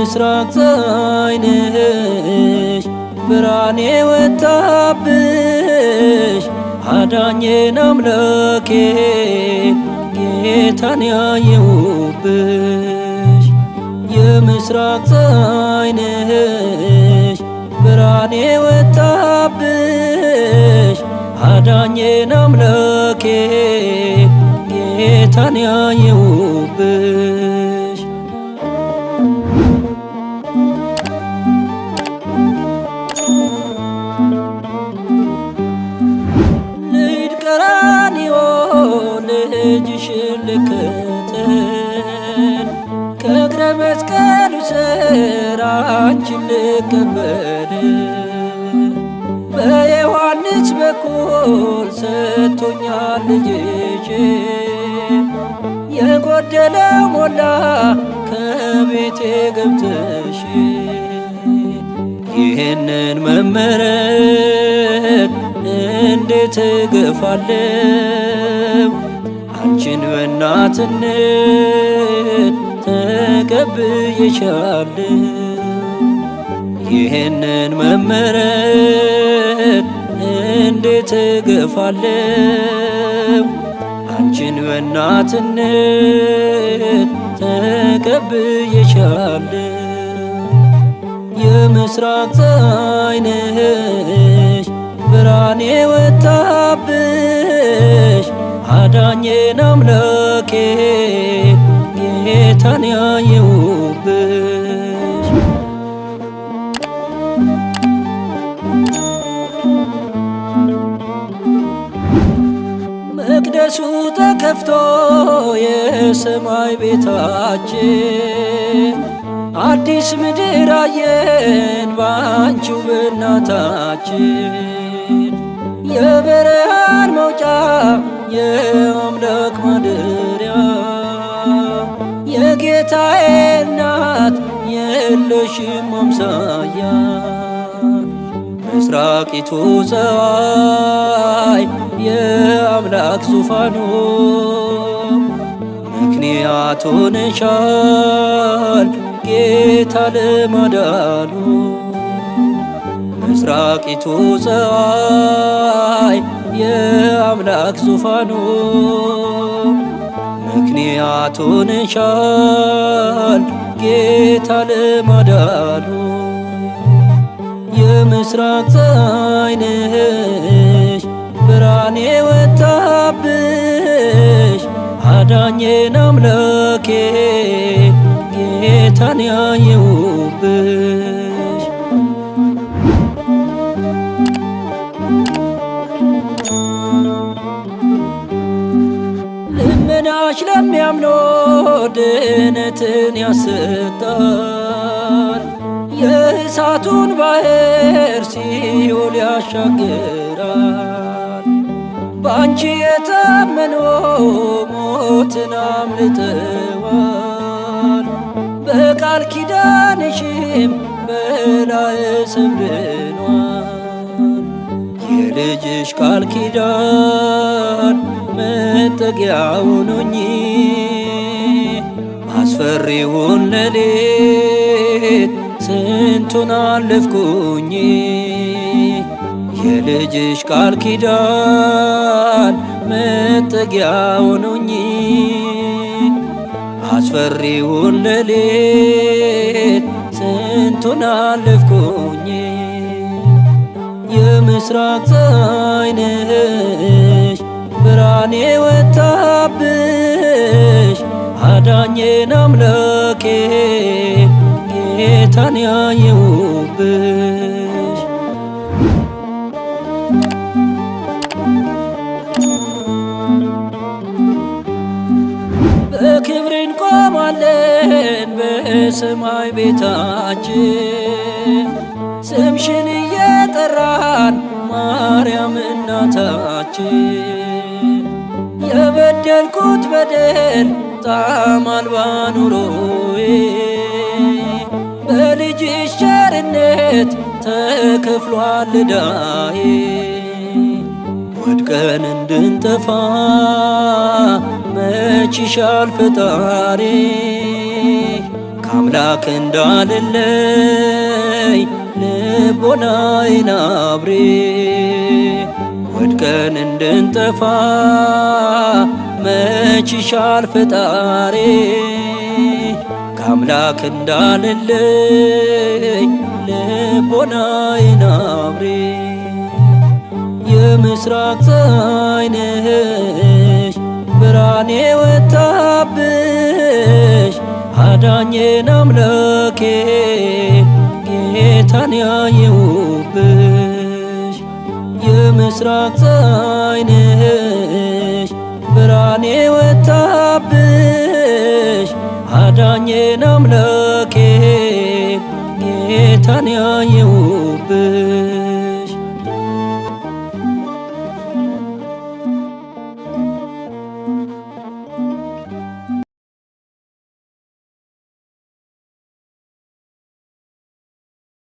ምስራቅ ፀሐይ ነሽ፣ ብርሃኔ ወጣብሽ፣ አዳኜን አምላኬ ጌታን ያየሁብሽ። የምስራቅ ፀሐይ ነሽ፣ ብርሃኔ ወጣብሽ፣ አዳኜን አምላኬ ጌታን ያየሁብሽ የመስቀሉ ስራ አንቺን ልቀበል በዮሐንስ በኩል ሰጥቶኛል ልጅሽ የጎደለው ሞላ ከቤቴ ገብተሽ ይህንን መመረቅ እንዴት እገፋለሁ አንቺን በእናትነት ተቀብዬሻለሁ ይህንን መመረጥ እንዴት እገፋለሁ አንቺን በእናትነት ተቀብዬሻለሁ የምስራቅ ፀሐይ ነሽ ብርሃኔ ወጣብኝ ጌታን ያየውብሽ መቅደሱ ተከፍቶ የሰማይ ቤታችን አዲስ ምድር አየን ባንቺው በእናታችን የበረሃን መውጫ የአምላክ ማደ የለሽም አምሳያ ምስራቂቱ ፀሐይ የአምላክ ዙፋኑ ምክንያቱን ሻል ጌታ ለማዳኑ ምስራቂቱ ፀሐይ የአምላክ ዙፋኑ ምክንያቱን ሻል ጌታ ለማዳኑ የምስራቅ ፀሐይ ነሽ ብርሃኔ ወጣብሽ አዳኜን አምላኬ ጌታን ያየውብሽ ልመናሽ ለሚያምኖ ድህነትን ያሰጣል የእሳቱን ባህር ሲኦል ያሻግራል። በአንቺ የታመኑ ሞትን አምልጠዋል። በቃል ኪዳንሽም በላይ ሰምድኗል የልጅሽ ቃል ኪዳን መጠጊያውን ሆኜ አስፈሪውን ሌሊት ስንቱን አለፍኩኝ የልጅሽ ቃል ኪዳን መጠጊያውን ሆኜ አስፈሪውን ሌሊት ስንቱን አለፍኩኝ የምስራቅ ፀሐይ ነሽ ኪዳኔ ወጣብሽ አዳኜን አምላኬ ጌታን ያየውብሽ በክብር በሰማይ ቤታችን ስምሽን እየጠራን ማርያም እናታችን የበደልኩት በደል ጣዕም አልባ ኑሮዬ በልጅሽ ቸርነት ተከፍሏል ዕዳዬ። ወድቀን እንድንጠፋ መች ይሻል ፈጣሪ ከአምላክ እንዳልለይ ልቦናዬን አብሬ እንድንጠፋ መች ይሻል ፍጣሬ ከአምላክ እንዳልልኝ ልቦናዬን አብሬ የምስራቅ ፀሐይ ነሽ ብርሃኔ ወጣብሽ አዳኜን አምላኬ ጌታን ያየሁብሽ የምስራቅ ፀሐይ ነሽ፣ ብርሃኔ ወጣብሽ አዳኜን አምላኬ ጌታን